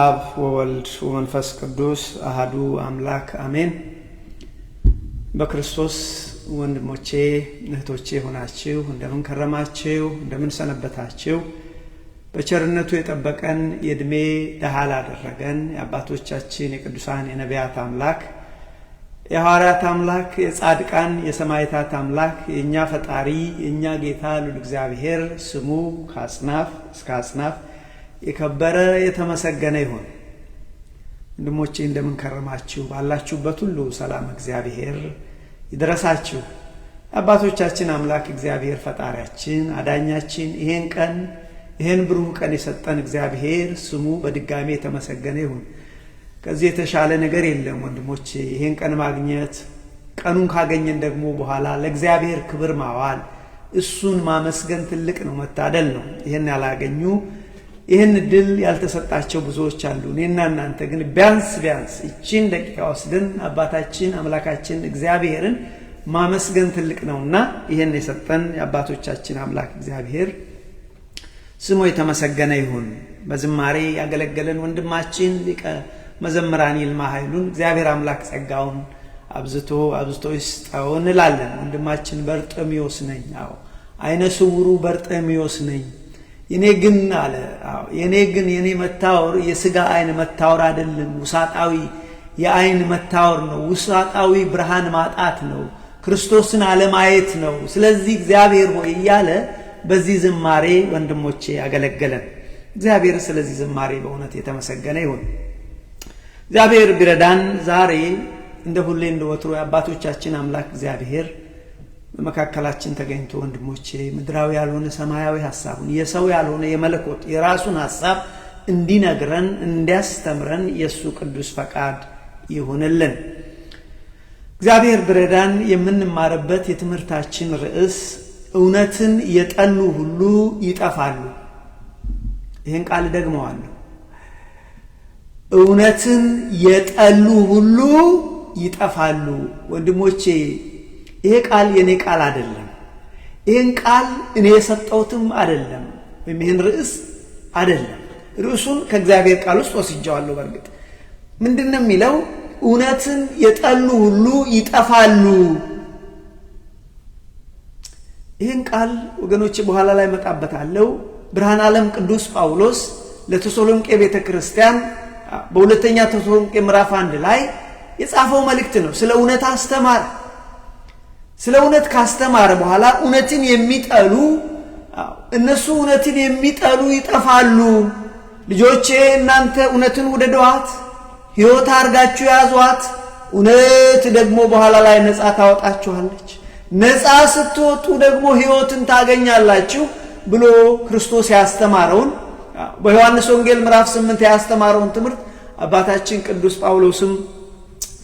አብ ወወልድ ወመንፈስ ቅዱስ አህዱ አምላክ አሜን። በክርስቶስ ወንድሞቼ እህቶቼ ሆናችሁ እንደምን ከረማችሁ? እንደምን ሰነበታችሁ? በቸርነቱ የጠበቀን የእድሜ ደሃ አደረገን የአባቶቻችን የቅዱሳን የነቢያት አምላክ የሐዋርያት አምላክ የጻድቃን የሰማይታት አምላክ የእኛ ፈጣሪ የእኛ ጌታ ሉል እግዚአብሔር ስሙ ከአጽናፍ እስከ አጽናፍ የከበረ የተመሰገነ ይሁን። ወንድሞቼ እንደምንከረማችሁ፣ ባላችሁበት ሁሉ ሰላም እግዚአብሔር ይድረሳችሁ። አባቶቻችን አምላክ እግዚአብሔር ፈጣሪያችን አዳኛችን ይሄን ቀን ይሄን ብሩህ ቀን የሰጠን እግዚአብሔር ስሙ በድጋሜ የተመሰገነ ይሁን። ከዚህ የተሻለ ነገር የለም ወንድሞቼ። ይሄን ቀን ማግኘት ቀኑን ካገኘን ደግሞ በኋላ ለእግዚአብሔር ክብር ማዋል እሱን ማመስገን ትልቅ ነው፣ መታደል ነው። ይህን ያላገኙ ይህን ድል ያልተሰጣቸው ብዙዎች አሉ። እኔና እናንተ ግን ቢያንስ ቢያንስ እቺን ደቂቃ ወስደን አባታችን አምላካችን እግዚአብሔርን ማመስገን ትልቅ ነውና ይህን የሰጠን የአባቶቻችን አምላክ እግዚአብሔር ስሙ የተመሰገነ ይሁን። በዝማሬ ያገለገለን ወንድማችን ሊቀ መዘምራን ይልማ ኃይሉን እግዚአብሔር አምላክ ጸጋውን አብዝቶ አብዝቶ ይስጠው እንላለን። ወንድማችን በርጠሚዎስ ነኝ። አይነ ስውሩ በርጠሚዎስ ነኝ። የኔ ግን አለ የኔ ግን የኔ መታወር የስጋ አይን መታወር አይደለም፣ ውሳጣዊ የአይን መታወር ነው። ውሳጣዊ ብርሃን ማጣት ነው። ክርስቶስን አለማየት ነው። ስለዚህ እግዚአብሔር ሆይ እያለ በዚህ ዝማሬ ወንድሞቼ ያገለገለን እግዚአብሔር ስለዚህ ዝማሬ በእውነት የተመሰገነ ይሁን። እግዚአብሔር ቢረዳን ዛሬ እንደ ሁሌ እንደ ወትሮ የአባቶቻችን አምላክ እግዚአብሔር በመካከላችን ተገኝቶ ወንድሞቼ ምድራዊ ያልሆነ ሰማያዊ ሀሳቡን የሰው ያልሆነ የመለኮት የራሱን ሀሳብ እንዲነግረን እንዲያስተምረን የእሱ ቅዱስ ፈቃድ ይሁንልን። እግዚአብሔር ብረዳን። የምንማርበት የትምህርታችን ርዕስ እውነትን የጠሉ ሁሉ ይጠፋሉ። ይህን ቃል ደግመዋለሁ። እውነትን የጠሉ ሁሉ ይጠፋሉ። ወንድሞቼ ይሄ ቃል የእኔ ቃል አይደለም። ይህን ቃል እኔ የሰጠሁትም አይደለም፣ ወይም ይህን ርዕስ አይደለም። ርዕሱን ከእግዚአብሔር ቃል ውስጥ ወስጀዋለሁ በእርግጥ ምንድን ነው የሚለው? እውነትን የጠሉ ሁሉ ይጠፋሉ። ይህን ቃል ወገኖች በኋላ ላይ መጣበታለሁ። ብርሃን ዓለም ቅዱስ ጳውሎስ ለተሰሎንቄ ቤተ ክርስቲያን በሁለተኛ ተሰሎንቄ ምዕራፍ አንድ ላይ የጻፈው መልእክት ነው። ስለ እውነት አስተማር ስለ እውነት ካስተማረ በኋላ እውነትን የሚጠሉ እነሱ እውነትን የሚጠሉ ይጠፋሉ። ልጆቼ እናንተ እውነትን ውደዷት፣ ሕይወት አድርጋችሁ ያዟት። እውነት ደግሞ በኋላ ላይ ነፃ ታወጣችኋለች። ነፃ ስትወጡ ደግሞ ሕይወትን ታገኛላችሁ ብሎ ክርስቶስ ያስተማረውን በዮሐንስ ወንጌል ምዕራፍ ስምንት ያስተማረውን ትምህርት አባታችን ቅዱስ ጳውሎስም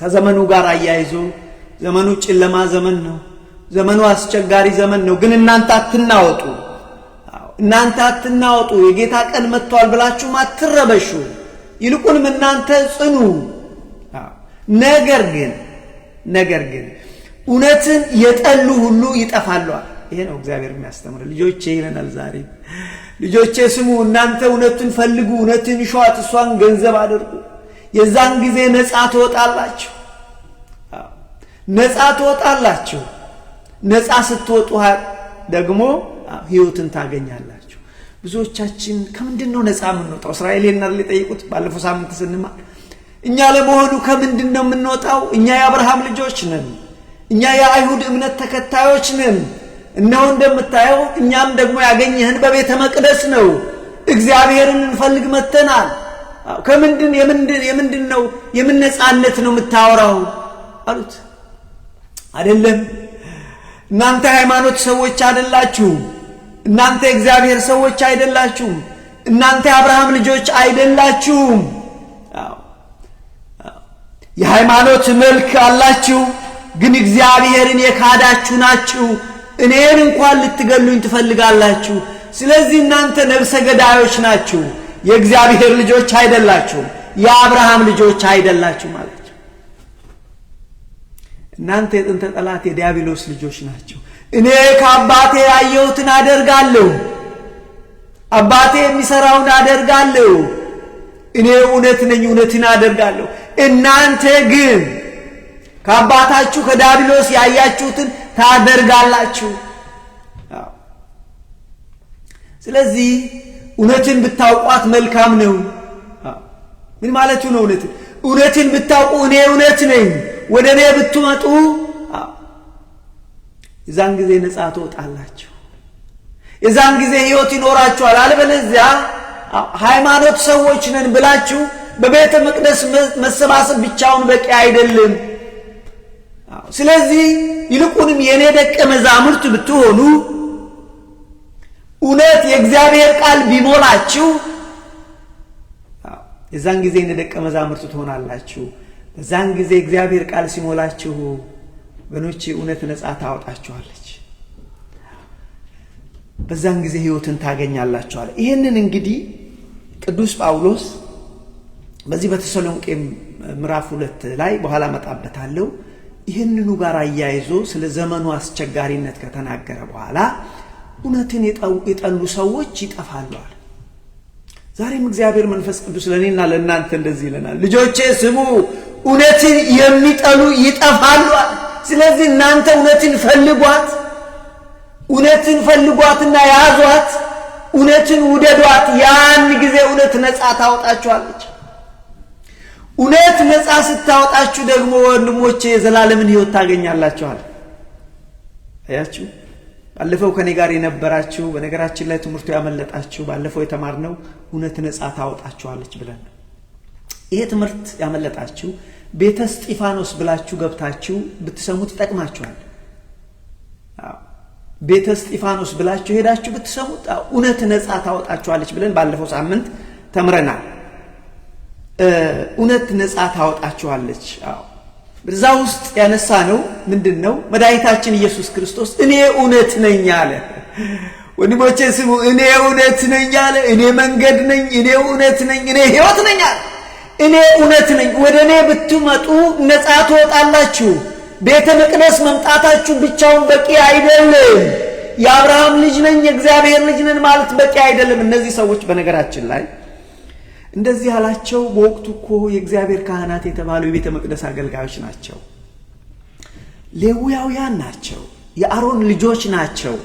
ከዘመኑ ጋር አያይዞ ዘመኑ ጨለማ ዘመን ነው ዘመኑ አስቸጋሪ ዘመን ነው፣ ግን እናንተ አትናወጡ፣ እናንተ አትናወጡ፣ የጌታ ቀን መጥቷል ብላችሁም አትረበሹ። ይልቁንም እናንተ ጽኑ። ነገር ግን ነገር ግን እውነትን የጠሉ ሁሉ ይጠፋሉ ይሄ ነው እግዚአብሔር የሚያስተምር። ልጆቼ ይለናል ዛሬ ልጆቼ ስሙ፣ እናንተ እውነትን ፈልጉ፣ እውነትን ሿት፣ እሷን ገንዘብ አድርጉ። የዛን ጊዜ ነፃ ትወጣላችሁ፣ ነፃ ትወጣላችሁ። ነፃ ስትወጡ ደግሞ ህይወትን ታገኛላችሁ። ብዙዎቻችን ከምንድን ነው ነፃ የምንወጣው? ና ሊጠይቁት ባለፈው ሳምንት ስንማር እኛ ለመሆኑ ከምንድን ነው የምንወጣው? እኛ የአብርሃም ልጆች ነን። እኛ የአይሁድ እምነት ተከታዮች ነን። እነሆ እንደምታየው እኛም ደግሞ ያገኘህን በቤተ መቅደስ ነው። እግዚአብሔርን እንፈልግ መተናል ከምንድን የምንድን ነው የምን ነፃነት ነው የምታወራው አሉት። አይደለም እናንተ ሃይማኖት ሰዎች አይደላችሁ። እናንተ እግዚአብሔር ሰዎች አይደላችሁም። እናንተ የአብርሃም ልጆች አይደላችሁም። የሃይማኖት መልክ አላችሁ፣ ግን እግዚአብሔርን የካዳችሁ ናችሁ። እኔን እንኳን ልትገሉኝ ትፈልጋላችሁ። ስለዚህ እናንተ ነብሰ ገዳዮች ናችሁ። የእግዚአብሔር ልጆች አይደላችሁም። የአብርሃም ልጆች አይደላችሁ ማለት እናንተ የጥንተ ጠላት የዲያብሎስ ልጆች ናቸው። እኔ ከአባቴ ያየሁትን አደርጋለሁ፣ አባቴ የሚሰራውን አደርጋለሁ። እኔ እውነት ነኝ፣ እውነትን አደርጋለሁ። እናንተ ግን ከአባታችሁ ከዲያብሎስ ያያችሁትን ታደርጋላችሁ። ስለዚህ እውነትን ብታውቋት መልካም ነው። ምን ማለቱ ነው? እውነትን እውነትን ብታውቁ እኔ እውነት ነኝ ወደ እኔ ብትመጡ የዛን ጊዜ ነፃ ትወጣላችሁ፣ የዛን ጊዜ ህይወት ይኖራችኋል። አለበለዚያ ሃይማኖት ሰዎች ነን ብላችሁ በቤተ መቅደስ መሰባሰብ ብቻውን በቂ አይደለም። ስለዚህ ይልቁንም የእኔ ደቀ መዛሙርት ብትሆኑ እውነት የእግዚአብሔር ቃል ቢሞላችሁ የዛን ጊዜ እኔ ደቀ መዛሙርት ትሆናላችሁ። እዛን ጊዜ እግዚአብሔር ቃል ሲሞላችሁ ወገኖቼ እውነት ነጻ ታወጣችኋለች። በዛን ጊዜ ህይወትን ታገኛላችኋል። ይህንን እንግዲህ ቅዱስ ጳውሎስ በዚህ በተሰሎንቄ ምዕራፍ ሁለት ላይ በኋላ መጣበታለው ይህንኑ ጋር አያይዞ ስለ ዘመኑ አስቸጋሪነት ከተናገረ በኋላ እውነትን የጠሉ ሰዎች ይጠፋለዋል። ዛሬም እግዚአብሔር መንፈስ ቅዱስ ለእኔና ለእናንተ እንደዚህ ይለናል፣ ልጆቼ ስሙ፣ እውነትን የሚጠሉ ይጠፋሉ አለ። ስለዚህ እናንተ እውነትን ፈልጓት፣ እውነትን ፈልጓትና ያዟት፣ እውነትን ውደዷት። ያን ጊዜ እውነት ነፃ ታወጣችኋለች። እውነት ነፃ ስታወጣችሁ ደግሞ ወንድሞቼ የዘላለምን ሕይወት ታገኛላችኋል። አያችሁ፣ ባለፈው ከኔ ጋር የነበራችሁ በነገራችን ላይ ትምህርቱ ያመለጣችሁ ባለፈው የተማርነው እውነት ነፃ ታወጣችኋለች ብለን ነው። ይሄ ትምህርት ያመለጣችሁ ቤተ እስጢፋኖስ ብላችሁ ገብታችሁ ብትሰሙት ይጠቅማችኋል። ቤተ እስጢፋኖስ ብላችሁ ሄዳችሁ ብትሰሙት እውነት ነፃ ታወጣችኋለች ብለን ባለፈው ሳምንት ተምረናል። እውነት ነፃ ታወጣችኋለች። እዛ ውስጥ ያነሳ ነው ምንድን ነው መድኃኒታችን ኢየሱስ ክርስቶስ እኔ እውነት ነኝ አለ። ወንድሞቼ ስሙ፣ እኔ እውነት ነኝ አለ። እኔ መንገድ ነኝ፣ እኔ እውነት ነኝ፣ እኔ ሕይወት ነኝ አለ። እኔ እውነት ነኝ፣ ወደ እኔ ብትመጡ ነፃ ትወጣላችሁ። ቤተ መቅደስ መምጣታችሁ ብቻውን በቂ አይደለም። የአብርሃም ልጅ ነኝ የእግዚአብሔር ልጅ ነን ማለት በቂ አይደለም። እነዚህ ሰዎች በነገራችን ላይ እንደዚህ ያላቸው በወቅቱ እኮ የእግዚአብሔር ካህናት የተባሉ የቤተ መቅደስ አገልጋዮች ናቸው፣ ሌዊያውያን ናቸው፣ የአሮን ልጆች ናቸው።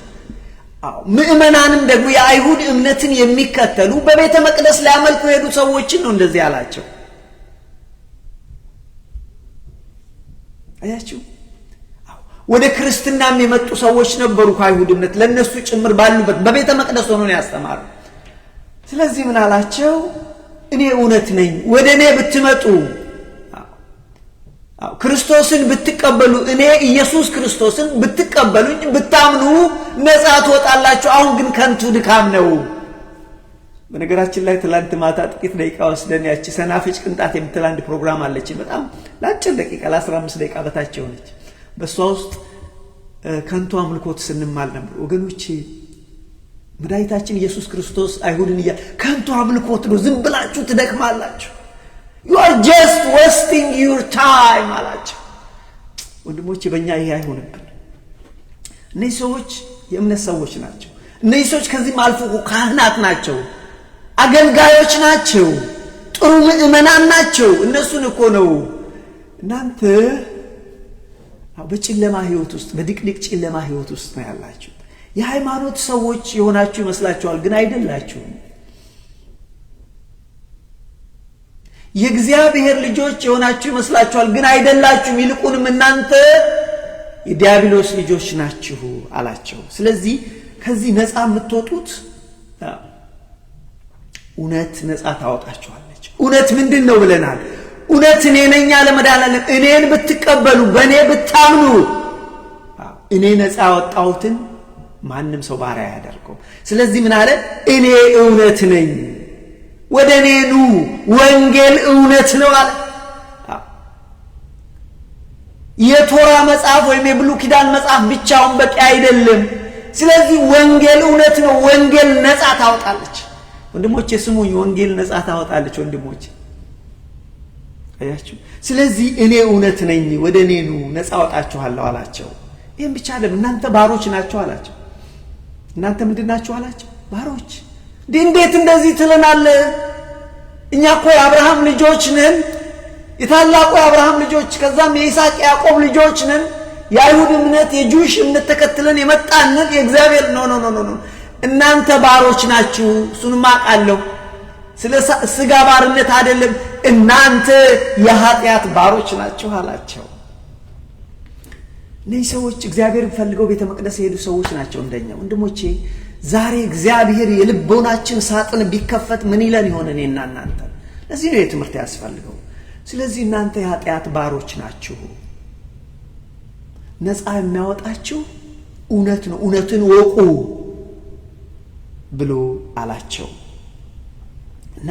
ምእመናንም ደግሞ የአይሁድ እምነትን የሚከተሉ በቤተ መቅደስ ሊያመልኩ የሄዱ ሰዎችን ነው እንደዚህ ያላቸው። አያችሁ፣ ወደ ክርስትናም የመጡ ሰዎች ነበሩ ከአይሁድነት ለእነሱ ጭምር ባሉበት በቤተ መቅደስ ሆኖ ነው ያስተማሩ። ስለዚህ ምን አላቸው? እኔ እውነት ነኝ። ወደ እኔ ብትመጡ ክርስቶስን ብትቀበሉ እኔ ኢየሱስ ክርስቶስን ብትቀበሉኝ ብታምኑ ነጻ ትወጣላችሁ። አሁን ግን ከንቱ ድካም ነው። በነገራችን ላይ ትላንት ማታ ጥቂት ደቂቃ ወስደን ያቺ ሰናፍጭ ቅንጣት የምትል አንድ ፕሮግራም አለችን። በጣም ለአጭር ደቂቃ ለ15 ደቂቃ በታች የሆነች በእሷ ውስጥ ከንቱ አምልኮት ስንማል ነበር ወገኖቼ። መድኃኒታችን ኢየሱስ ክርስቶስ አይሁድን እያ ከንቱ አምልኮት ነው፣ ዝም ብላችሁ ትደክማላችሁ፣ ዩ አር ጀስት ዌስቲንግ ዩር ታይም አላቸው። ወንድሞቼ በእኛ ይሄ አይሆንብን። እነዚህ ሰዎች የእምነት ሰዎች ናቸው። እነዚህ ሰዎች ከዚህም አልፎ ካህናት ናቸው። አገልጋዮች ናቸው፣ ጥሩ ምዕመናን ናቸው። እነሱን እኮ ነው እናንተ በጨለማ ህይወት ውስጥ በድቅድቅ ጨለማ ህይወት ውስጥ ነው ያላችሁ። የሃይማኖት ሰዎች የሆናችሁ ይመስላችኋል፣ ግን አይደላችሁም። የእግዚአብሔር ልጆች የሆናችሁ ይመስላችኋል፣ ግን አይደላችሁም። ይልቁንም እናንተ የዲያብሎስ ልጆች ናችሁ አላቸው። ስለዚህ ከዚህ ነፃ የምትወጡት እውነት ነፃ ታወጣችኋለች። እውነት ምንድን ነው ብለናል። እውነት እኔ ነኝ አለመዳላለን። እኔን ብትቀበሉ፣ በእኔ ብታምኑ እኔ ነፃ ያወጣሁትን ማንም ሰው ባሪያ አያደርገውም። ስለዚህ ምን አለ? እኔ እውነት ነኝ፣ ወደ እኔ ኑ፣ ወንጌል እውነት ነው አለ። የቶራ መጽሐፍ ወይም የብሉ ኪዳን መጽሐፍ ብቻውን በቂ አይደለም። ስለዚህ ወንጌል እውነት ነው። ወንጌል ነፃ ታወጣለች። ወንድሞቼ ስሙኝ፣ ወንጌል ነጻ ታወጣለች። ወንድሞቼ አያችሁ። ስለዚህ እኔ እውነት ነኝ፣ ወደ እኔ ኑ፣ ነጻ አወጣችኋለሁ አላቸው። ይህም ብቻ አለም፣ እናንተ ባሮች ናቸው አላቸው። እናንተ ምንድን ናችሁ አላቸው? ባሮች። እንዴት እንደዚህ ትለናለህ? እኛ እኮ የአብርሃም ልጆች ነን፣ የታላቁ የአብርሃም ልጆች ከዛም የይስሐቅ ያዕቆብ ልጆች ነን። የአይሁድ እምነት የጁሽ እምነት ተከትለን የመጣንን የእግዚአብሔር ኖ ኖ ኖ ኖ እናንተ ባሮች ናችሁ። እሱንም አውቃለሁ። ስለ ስጋ ባርነት አይደለም፣ እናንተ የኃጢአት ባሮች ናችሁ አላቸው። እነዚህ ሰዎች እግዚአብሔር ፈልገው ቤተ መቅደስ የሄዱ ሰዎች ናቸው እንደኛ። ወንድሞቼ ዛሬ እግዚአብሔር የልቦናችን ሳጥን ቢከፈት ምን ይለን ይሆን እኔና እናንተ? ለዚህ ነው የትምህርት ያስፈልገው። ስለዚህ እናንተ የኃጢአት ባሮች ናችሁ፣ ነፃ የሚያወጣችሁ እውነት ነው። እውነትን ወቁ ብሎ አላቸው እና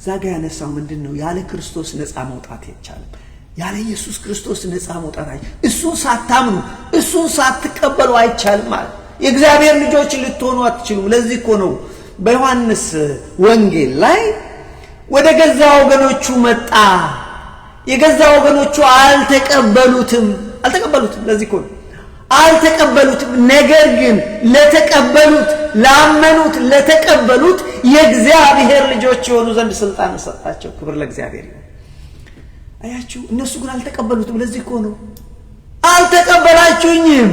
እዛ ጋ ያነሳው ምንድን ነው? ያለ ክርስቶስ ነፃ መውጣት አይቻልም። ያለ ኢየሱስ ክርስቶስ ነፃ መውጣት አይ እሱን ሳታምኑ እሱን ሳትቀበሉ አይቻልም ማለት የእግዚአብሔር ልጆች ልትሆኑ አትችሉም። ለዚህ እኮ ነው በዮሐንስ ወንጌል ላይ ወደ ገዛ ወገኖቹ መጣ፣ የገዛ ወገኖቹ አልተቀበሉትም አልተቀበሉትም። ለዚህ እኮ ነው አልተቀበሉትም። ነገር ግን ለተቀበሉት ላመኑት ለተቀበሉት የእግዚአብሔር ልጆች የሆኑ ዘንድ ስልጣን ሰጣቸው። ክብር ለእግዚአብሔር አያችሁ፣ እነሱ ግን አልተቀበሉትም። ለዚህ እኮ ነው አልተቀበላችሁኝም፣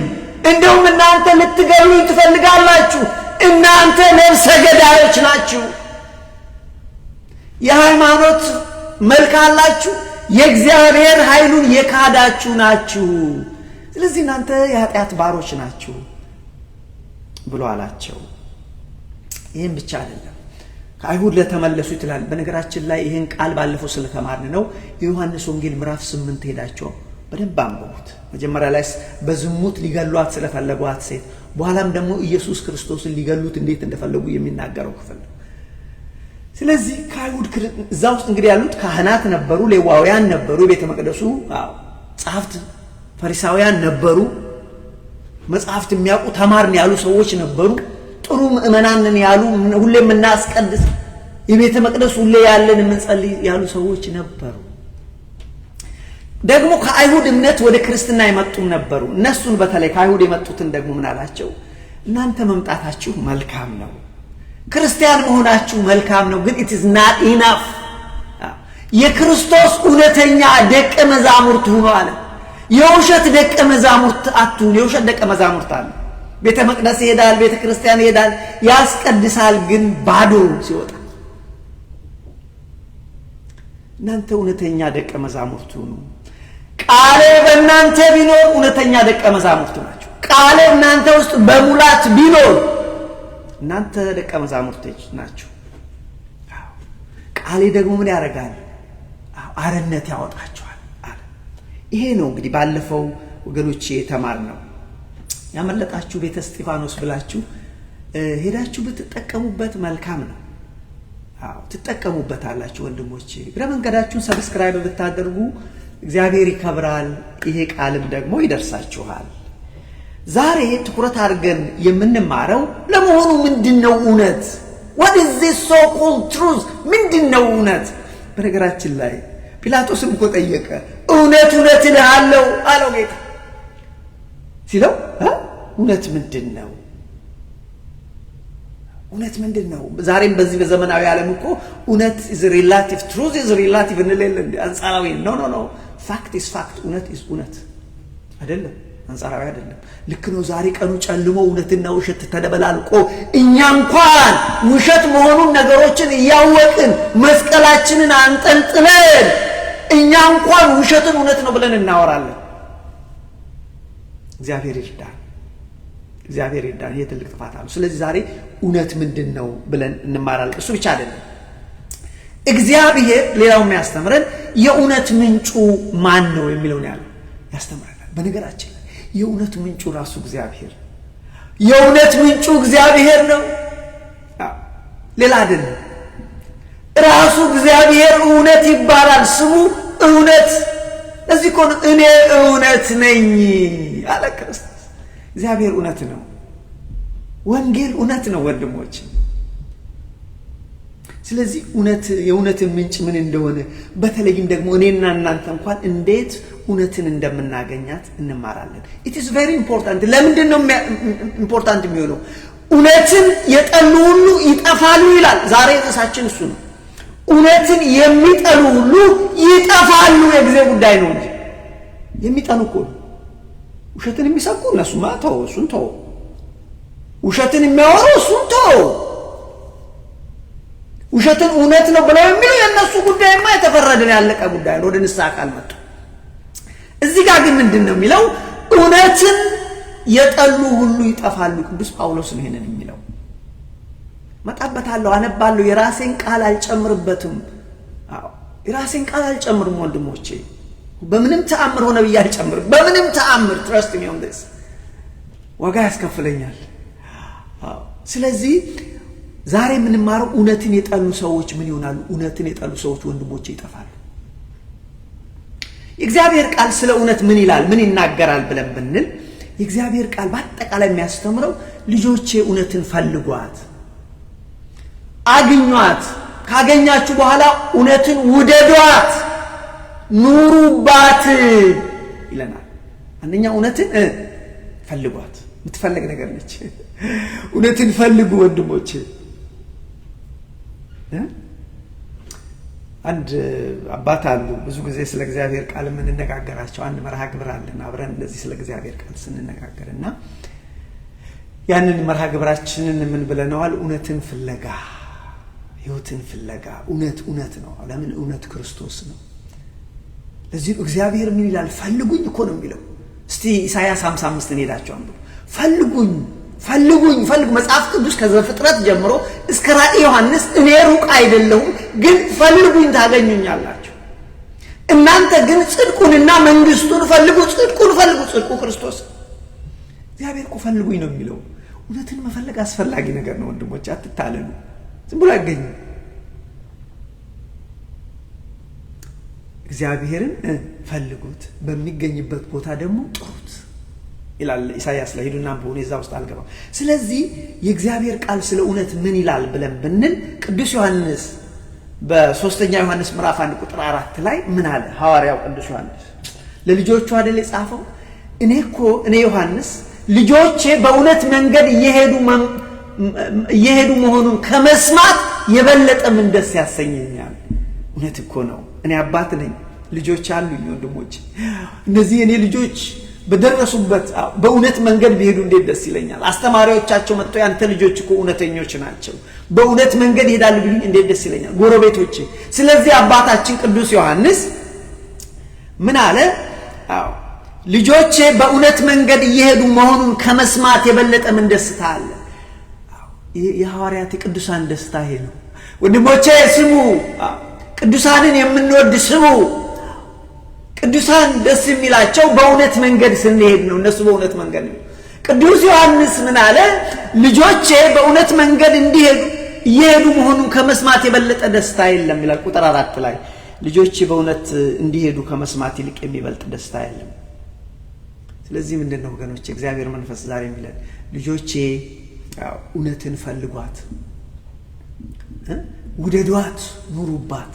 እንደውም እናንተ ልትገሉኝ ትፈልጋላችሁ፣ እናንተ ነብሰ ገዳዮች ናችሁ። የሃይማኖት መልክ አላችሁ፣ የእግዚአብሔር ኃይሉን የካዳችሁ ናችሁ ስለዚህ እናንተ የኃጢአት ባሮች ናችሁ ብሎ አላቸው። ይህም ብቻ አይደለም ከአይሁድ ለተመለሱ ይትላል። በነገራችን ላይ ይህን ቃል ባለፈው ስለተማርን ነው። የዮሐንስ ወንጌል ምዕራፍ ስምንት ሄዳቸው በደንብ አንብቡት። መጀመሪያ ላይ በዝሙት ሊገሏት ስለፈለጓት ሴት፣ በኋላም ደግሞ ኢየሱስ ክርስቶስን ሊገሉት እንዴት እንደፈለጉ የሚናገረው ክፍል ነው። ስለዚህ ከአይሁድ እዛ ውስጥ እንግዲህ ያሉት ካህናት ነበሩ፣ ሌዋውያን ነበሩ፣ ቤተ መቅደሱ ጸሐፍት ፈሪሳውያን ነበሩ። መጽሐፍት የሚያውቁ ተማርን ያሉ ሰዎች ነበሩ። ጥሩ ምእመናንን ያሉ ሁሌ የምናስቀድስ የቤተ መቅደስ ሁሌ ያለን የምንጸልይ ያሉ ሰዎች ነበሩ። ደግሞ ከአይሁድ እምነት ወደ ክርስትና የመጡም ነበሩ። እነሱን በተለይ ከአይሁድ የመጡትን ደግሞ ምን አላቸው? እናንተ መምጣታችሁ መልካም ነው፣ ክርስቲያን መሆናችሁ መልካም ነው፣ ግን ኢትዝ ናት ኢናፍ የክርስቶስ እውነተኛ ደቀ መዛሙርት ሁኖ አለ። የውሸት ደቀ መዛሙርት አትሁን። የውሸት ደቀ መዛሙርት አለ። ቤተ መቅደስ ይሄዳል፣ ቤተ ክርስቲያን ይሄዳል፣ ያስቀድሳል፣ ግን ባዶ ሲወጣ። እናንተ እውነተኛ ደቀ መዛሙርት ሁኑ። ቃሌ በእናንተ ቢኖር እውነተኛ ደቀ መዛሙርት ናቸው። ቃሌ እናንተ ውስጥ በሙላት ቢኖር እናንተ ደቀ መዛሙርቶች ናቸው። ቃሌ ደግሞ ምን ያደርጋል? አርነት ያወጣቸዋል። ይሄ ነው እንግዲህ ባለፈው የተማር ነው። ያመለጣችሁ ቤተ እስጢፋኖስ ብላችሁ ሄዳችሁ ብትጠቀሙበት መልካም ነው። ትጠቀሙበት አላችሁ ወንድሞች እግረ መንገዳችሁን ሰብስክራይብ ብታደርጉ እግዚአብሔር ይከብራል፣ ይሄ ቃልም ደግሞ ይደርሳችኋል። ዛሬ ትኩረት አድርገን የምንማረው ለመሆኑ ምንድን ነው እውነት? ወደ ዚ ሶኮል ትሩዝ ምንድን ነው እውነት? በነገራችን ላይ ጲላጦስም እኮ ጠየቀ እውነት እውነት እልሃለሁ አለው ጌታ ሲለው እውነት ምንድን ነው? እውነት ምንድን ነው? ዛሬም በዚህ በዘመናዊ ዓለም እኮ እውነት ኢዝ ሪላቲቭ ትሩዝ ኢዝ ሪላቲቭ እንለለን አንጻራዊ ኖ ኖ ኖ ፋክት ኢዝ ፋክት እውነት ኢዝ እውነት አይደለም፣ አንጻራዊ አይደለም። ልክ ነው። ዛሬ ቀኑ ጨልሞ እውነትና ውሸት ተደበላልቆ እኛ እንኳን ውሸት መሆኑን ነገሮችን እያወቅን መስቀላችንን አንጠልጥለን እኛ እንኳን ውሸትን እውነት ነው ብለን እናወራለን። እግዚአብሔር ይርዳን፣ እግዚአብሔር ይርዳን። ይሄ ትልቅ ጥፋት አሉ። ስለዚህ ዛሬ እውነት ምንድን ነው ብለን እንማራለን። እሱ ብቻ አይደለም እግዚአብሔር ሌላው የሚያስተምረን የእውነት ምንጩ ማን ነው የሚለውን ያለ ያስተምረናል። በነገራችን ላይ የእውነት ምንጩ ራሱ እግዚአብሔር የእውነት ምንጩ እግዚአብሔር ነው፣ ሌላ አይደለም። ራሱ እግዚአብሔር እውነት ይባላል። ስሙ እውነት። ለዚህ እኮ ነው እኔ እውነት ነኝ አለ ክርስቶስ። እግዚአብሔር እውነት ነው። ወንጌል እውነት ነው ወንድሞች። ስለዚህ እውነት የእውነትን ምንጭ ምን እንደሆነ በተለይም ደግሞ እኔና እናንተ እንኳን እንዴት እውነትን እንደምናገኛት እንማራለን። ኢት ኢዝ ኢምፖርታንት። ለምንድን ነው ኢምፖርታንት የሚሆነው? እውነትን የጠሉ ሁሉ ይጠፋሉ ይላል። ዛሬ ርዕሳችን እሱ ነው። እውነትን የሚጠሉ ሁሉ ይጠፋሉ። የጊዜ ጉዳይ ነው እንጂ የሚጠሉ እኮ ውሸትን የሚሰብኩ እነሱማ ተው፣ እሱን ተው። ውሸትን የሚያወሩ እሱን ተው። ውሸትን እውነት ነው ብለው የሚሉ የእነሱ ጉዳይማ የተፈረደን ያለቀ ጉዳይ ነው። ወደ ንስሐ ቃል መጡ። እዚህ ጋር ግን ምንድን ነው የሚለው? እውነትን የጠሉ ሁሉ ይጠፋሉ። ቅዱስ ጳውሎስ ነው ይሄንን የሚለው መጣበታለሁ፣ አነባለሁ። የራሴን ቃል አልጨምርበትም። የራሴን ቃል አልጨምርም ወንድሞቼ፣ በምንም ተአምር ሆነ ብዬ አልጨምርም። በምንም ተአምር ትረስት ሚ ኦን ዲስ ዋጋ ያስከፍለኛል። ስለዚህ ዛሬ የምንማረው እውነትን የጠሉ ሰዎች ምን ይሆናሉ? እውነትን የጠሉ ሰዎች ወንድሞቼ ይጠፋሉ። የእግዚአብሔር ቃል ስለ እውነት ምን ይላል? ምን ይናገራል ብለን ብንል የእግዚአብሔር ቃል በአጠቃላይ የሚያስተምረው ልጆቼ እውነትን ፈልጓት አግኟት። ካገኛችሁ በኋላ እውነትን ውደዷት፣ ኑሩባት ይለናል። አንደኛ እውነትን ፈልጓት፣ የምትፈለግ ነገር ነች። እውነትን ፈልጉ ወንድሞች። አንድ አባት አሉ። ብዙ ጊዜ ስለ እግዚአብሔር ቃል የምንነጋገራቸው አንድ መርሃ ግብር አለን። አብረን እንደዚህ ስለ እግዚአብሔር ቃል ስንነጋገር እና ያንን መርሃ ግብራችንን ምን ብለነዋል? እውነትን ፍለጋ ህይወትን ፍለጋ እውነት እውነት ነው። ለምን እውነት ክርስቶስ ነው። ለዚህ እግዚአብሔር ምን ይላል? ፈልጉኝ እኮ ነው የሚለው። እስቲ ኢሳያስ 55 እንሄዳቸው አንዱ ፈልጉኝ ፈልጉኝ ፈልጉ። መጽሐፍ ቅዱስ ከዘፍጥረት ጀምሮ እስከ ራእይ ዮሐንስ እኔ ሩቅ አይደለሁም፣ ግን ፈልጉኝ ታገኙኛላችሁ። እናንተ ግን ጽድቁንና መንግስቱን ፈልጉ፣ ጽድቁን ፈልጉ። ጽድቁ ክርስቶስ እግዚአብሔር እኮ ፈልጉኝ ነው የሚለው። እውነትን መፈለግ አስፈላጊ ነገር ነው ወንድሞች፣ አትታለሉ። ዝም ብሎ አይገኝም። እግዚአብሔርን ፈልጉት በሚገኝበት ቦታ ደግሞ ጥሩት ይላል ኢሳያስ ላይ። ሂዱና በሆነ የዛ ውስጥ አልገባም። ስለዚህ የእግዚአብሔር ቃል ስለ እውነት ምን ይላል ብለን ብንል ቅዱስ ዮሐንስ በሶስተኛ ዮሐንስ ምዕራፍ አንድ ቁጥር አራት ላይ ምን አለ? ሐዋርያው ቅዱስ ዮሐንስ ለልጆቹ አይደል የጻፈው? እኔ እኮ እኔ ዮሐንስ ልጆቼ በእውነት መንገድ እየሄዱ እየሄዱ መሆኑን ከመስማት የበለጠ ምን ደስ ያሰኘኛል? እውነት እኮ ነው። እኔ አባት ነኝ፣ ልጆች አሉኝ። ወንድሞች እነዚህ እኔ ልጆች በደረሱበት በእውነት መንገድ ቢሄዱ እንዴት ደስ ይለኛል። አስተማሪዎቻቸው መጥተው ያንተ ልጆች እኮ እውነተኞች ናቸው፣ በእውነት መንገድ ይሄዳሉ ቢሉኝ እንዴት ደስ ይለኛል። ጎረቤቶች። ስለዚህ አባታችን ቅዱስ ዮሐንስ ምን አለ? አዎ ልጆቼ በእውነት መንገድ እየሄዱ መሆኑን ከመስማት የበለጠ ምን ደስታ አለ? የሐዋርያት የቅዱሳን ደስታ ይሄ ነው። ወንድሞቼ ስሙ፣ ቅዱሳንን የምንወድ ስሙ። ቅዱሳን ደስ የሚላቸው በእውነት መንገድ ስንሄድ ነው። እነሱ በእውነት መንገድ ነው። ቅዱስ ዮሐንስ ምን አለ? ልጆቼ በእውነት መንገድ እንዲሄዱ እየሄዱ መሆኑን ከመስማት የበለጠ ደስታ የለም ይላል። ቁጥር አራት ላይ ልጆቼ በእውነት እንዲሄዱ ከመስማት ይልቅ የሚበልጥ ደስታ የለም። ስለዚህ ምንድን ነው ወገኖቼ፣ እግዚአብሔር መንፈስ ዛሬ የሚለን ልጆቼ እውነትን ፈልጓት፣ ውደዷት፣ ኑሩባት።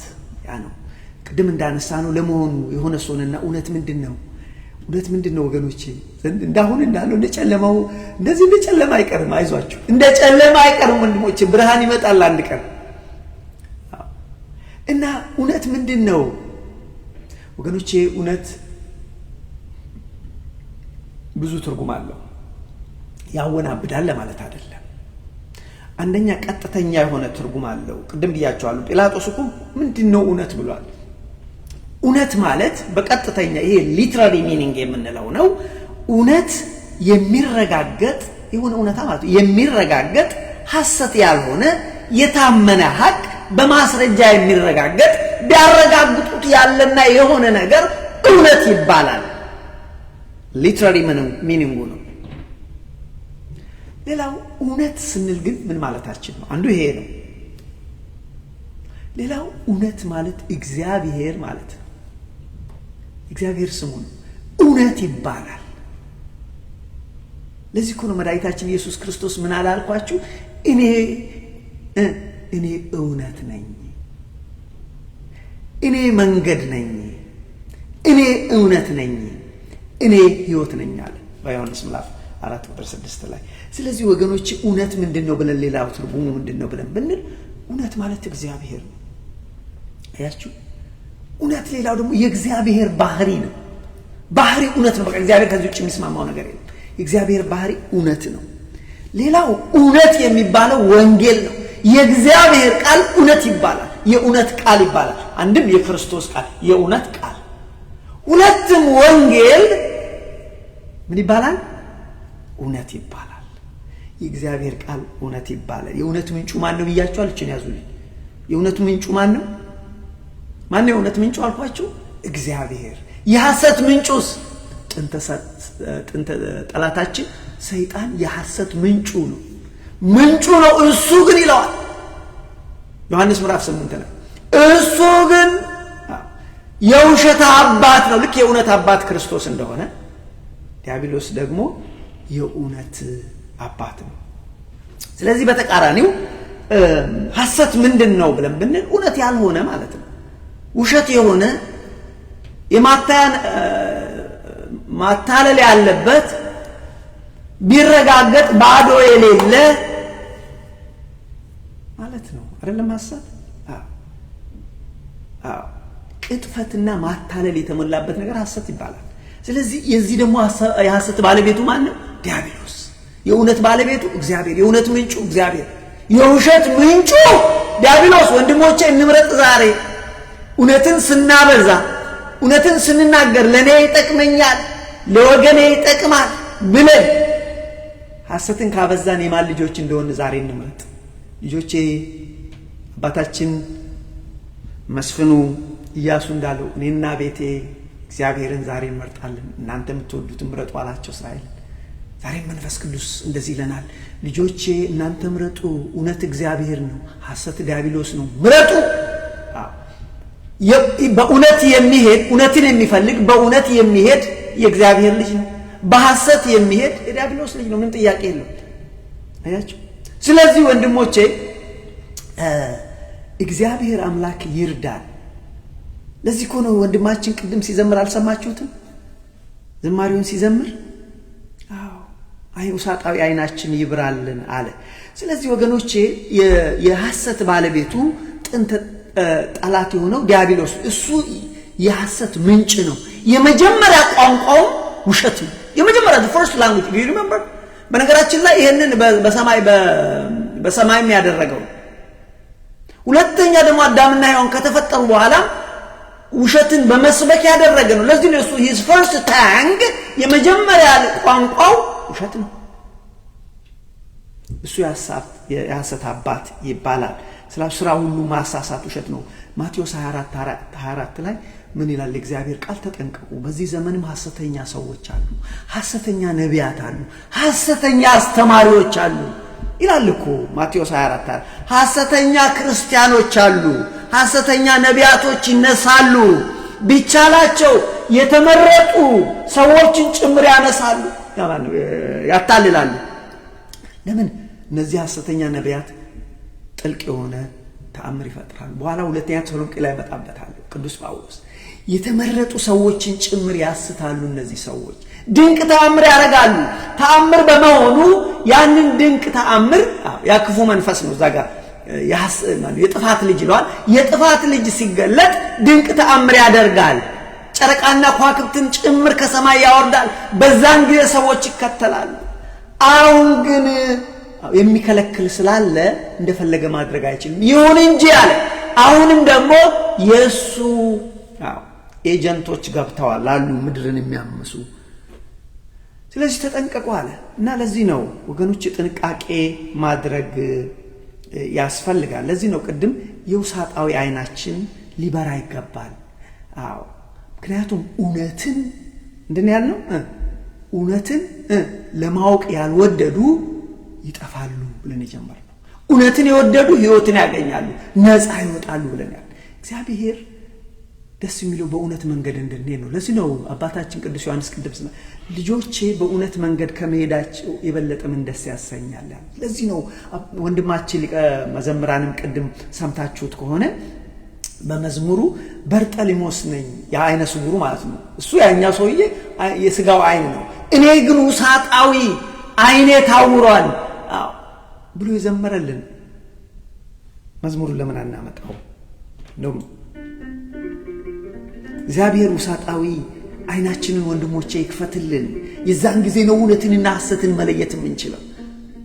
ያ ነው ቅድም እንዳነሳ ነው። ለመሆኑ የሆነ ሰውንና እውነት ምንድን ነው? እውነት ምንድን ነው ወገኖቼ? እንዳሁን እንዳለው እንደ ጨለማው እንደዚህ እንደ ጨለማ አይቀርም። አይዟችሁ፣ እንደ ጨለማ አይቀርም ወንድሞች፣ ብርሃን ይመጣል አንድ ቀን እና እውነት ምንድን ነው ወገኖቼ? እውነት ብዙ ትርጉም አለው። ያወናብዳል ለማለት አይደለም። አንደኛ ቀጥተኛ የሆነ ትርጉም አለው። ቅድም ብያቸዋለሁ። ጲላጦስ እኮ ምንድን ነው እውነት ብሏል። እውነት ማለት በቀጥተኛ ይሄ ሊትራሪ ሚኒንግ የምንለው ነው። እውነት የሚረጋገጥ የሆነ እውነታ ማለት የሚረጋገጥ ሐሰት ያልሆነ የታመነ ሀቅ በማስረጃ የሚረጋገጥ ቢያረጋግጡት ያለና የሆነ ነገር እውነት ይባላል። ሊትራሪ ሚኒንጉ ነው። ሌላው እውነት ስንል ግን ምን ማለታችን ነው? አንዱ ይሄ ነው። ሌላው እውነት ማለት እግዚአብሔር ማለት ነው። እግዚአብሔር ስሙ ነው፣ እውነት ይባላል። ለዚህ እኮ ነው መድኃኒታችን ኢየሱስ ክርስቶስ ምን አላልኳችሁ? እኔ እኔ እውነት ነኝ፣ እኔ መንገድ ነኝ፣ እኔ እውነት ነኝ፣ እኔ ሕይወት ነኝ አለ በዮሐንስ ምዕራፍ አራት ቁጥር ስድስት ላይ ስለዚህ ወገኖች እውነት ምንድን ነው ብለን ሌላ ትርጉሙ ምንድን ነው ብለን ብንል እውነት ማለት እግዚአብሔር ነው ያችሁ እውነት ሌላው ደግሞ የእግዚአብሔር ባህሪ ነው ባህሪ እውነት ነው በቃ እግዚአብሔር ከዚህ ውጭ የሚስማማው ነገር የለም የእግዚአብሔር ባህሪ እውነት ነው ሌላው እውነት የሚባለው ወንጌል ነው የእግዚአብሔር ቃል እውነት ይባላል የእውነት ቃል ይባላል አንድም የክርስቶስ ቃል የእውነት ቃል ሁለትም ወንጌል ምን ይባላል እውነት ይባላል። የእግዚአብሔር ቃል እውነት ይባላል። የእውነት ምንጩ ማን ነው ብያችሁ አልችን ያዙ። የእውነቱ ምንጩ ማን ነው? ማን ነው የእውነት ምንጩ አልኳችሁ? እግዚአብሔር። የሐሰት ምንጩስ? ጥንተ ጠላታችን ሰይጣን የሐሰት ምንጩ ነው። ምንጩ ነው እሱ ግን ይለዋል ዮሐንስ ምዕራፍ ስምንት ላይ እሱ ግን የውሸት አባት ነው። ልክ የእውነት አባት ክርስቶስ እንደሆነ ዲያብሎስ ደግሞ የእውነት አባት ነው። ስለዚህ በተቃራኒው ሐሰት ምንድን ነው ብለን ብንል እውነት ያልሆነ ማለት ነው። ውሸት የሆነ ማታለል ያለበት ቢረጋገጥ ባዶ የሌለ ማለት ነው። አይደለም ሐሰት ቅጥፈትና ማታለል የተሞላበት ነገር ሐሰት ይባላል። ስለዚህ የዚህ ደግሞ የሐሰት ባለቤቱ ማን ነው? ዲያብሎስ። የእውነት ባለቤቱ እግዚአብሔር፣ የእውነት ምንጩ እግዚአብሔር፣ የውሸት ምንጩ ዲያብሎስ። ወንድሞቼ እንምረጥ ዛሬ እውነትን ስናበዛ፣ እውነትን ስንናገር፣ ለእኔ ይጠቅመኛል፣ ለወገኔ ይጠቅማል ብለን ሐሰትን ካበዛን የማን ልጆች እንደሆን ዛሬ እንምረጥ። ልጆቼ አባታችን መስፍኑ እያሱ እንዳለው እኔና ቤቴ እግዚአብሔርን ዛሬ እንመርጣለን፣ እናንተ የምትወዱት ምረጡ አላቸው እስራኤል ዛሬም መንፈስ ቅዱስ እንደዚህ ይለናል፣ ልጆቼ እናንተ ምረጡ። እውነት እግዚአብሔር ነው፣ ሐሰት ዲያብሎስ ነው። ምረጡ። በእውነት የሚሄድ እውነትን የሚፈልግ በእውነት የሚሄድ የእግዚአብሔር ልጅ ነው። በሐሰት የሚሄድ የዲያብሎስ ልጅ ነው። ምን ጥያቄ የለው። አያቸው። ስለዚህ ወንድሞቼ እግዚአብሔር አምላክ ይርዳል። ለዚህ እኮ ነው ወንድማችን ቅድም ሲዘምር አልሰማችሁትም? ዝማሬውን ሲዘምር ውሳጣዊ አይናችን ይብራልን አለ። ስለዚህ ወገኖቼ የሐሰት ባለቤቱ ጥንት ጠላት የሆነው ዲያብሎስ እሱ የሐሰት ምንጭ ነው። የመጀመሪያ ቋንቋው ውሸት ነው። የመጀመሪያ ፈርስት ላንጉጅ ዩ ሪመምበር። በነገራችን ላይ ይህንን በሰማይ በሰማይም ያደረገው ሁለተኛ ደግሞ አዳምና ሔዋን ከተፈጠሩ በኋላ ውሸትን በመስበክ ያደረገ ነው። ለዚህ ነው እሱ ሂዝ ፈርስት ታንግ የመጀመሪያ ቋንቋው ውሸት ነው። እሱ የሐሰት አባት ይባላል። ስለ ስራ ሁሉ ማሳሳት ውሸት ነው። ማቴዎስ 24 ላይ ምን ይላል? እግዚአብሔር ቃል ተጠንቀቁ፣ በዚህ ዘመንም ሐሰተኛ ሰዎች አሉ፣ ሐሰተኛ ነቢያት አሉ፣ ሐሰተኛ አስተማሪዎች አሉ ይላል እኮ ማቴዎስ 24 ሐሰተኛ ክርስቲያኖች አሉ፣ ሐሰተኛ ነቢያቶች ይነሳሉ፣ ቢቻላቸው የተመረጡ ሰዎችን ጭምር ያነሳሉ። ያታልላሉ። ለምን እነዚህ ሐሰተኛ ነቢያት ጥልቅ የሆነ ተአምር ይፈጥራሉ። በኋላ ሁለተኛ ተሰሎንቄ ላይ እመጣበታለሁ። ቅዱስ ጳውሎስ የተመረጡ ሰዎችን ጭምር ያስታሉ። እነዚህ ሰዎች ድንቅ ተአምር ያደርጋሉ። ተአምር በመሆኑ ያንን ድንቅ ተአምር ያ ክፉ መንፈስ ነው እዛ ጋር የጥፋት ልጅ ይለዋል። የጥፋት ልጅ ሲገለጥ ድንቅ ተአምር ያደርጋል። ጨረቃና ኳክብትን ጭምር ከሰማይ ያወርዳል። በዛን ጊዜ ሰዎች ይከተላሉ። አሁን ግን የሚከለክል ስላለ እንደፈለገ ማድረግ አይችልም። ይሁን እንጂ አለ አሁንም ደግሞ የእሱ ኤጀንቶች ገብተዋል አሉ ምድርን የሚያምሱ። ስለዚህ ተጠንቀቁ አለ እና ለዚህ ነው ወገኖች ጥንቃቄ ማድረግ ያስፈልጋል። ለዚህ ነው ቅድም የውሳጣዊ አይናችን ሊበራ ይገባል። አዎ ምክንያቱም እውነትን ምንድን ያልነው እውነትን ለማወቅ ያልወደዱ ይጠፋሉ ብለን የጀመር ነው እውነትን የወደዱ ህይወትን ያገኛሉ፣ ነፃ ይወጣሉ ብለን ያል እግዚአብሔር ደስ የሚለው በእውነት መንገድ እንድንሄ ነው። ለዚህ ነው አባታችን ቅዱስ ዮሐንስ ቅድም ስና ልጆቼ በእውነት መንገድ ከመሄዳቸው የበለጠ ምን ደስ ያሰኛል። ለዚህ ነው ወንድማችን ሊቀ መዘምራንም ቅድም ሰምታችሁት ከሆነ በመዝሙሩ በርጠሊሞስ ነኝ የአይነ ስውሩ ማለት ነው። እሱ ያኛው ሰውዬ የስጋው አይን ነው። እኔ ግን ውሳጣዊ አይኔ ታውሯል ብሎ የዘመረልን መዝሙሩን ለምን አናመጣው? እንደውም እግዚአብሔር ውሳጣዊ አይናችንን ወንድሞቼ ይክፈትልን። የዛን ጊዜ ነው እውነትንና ሐሰትን መለየት የምንችለው።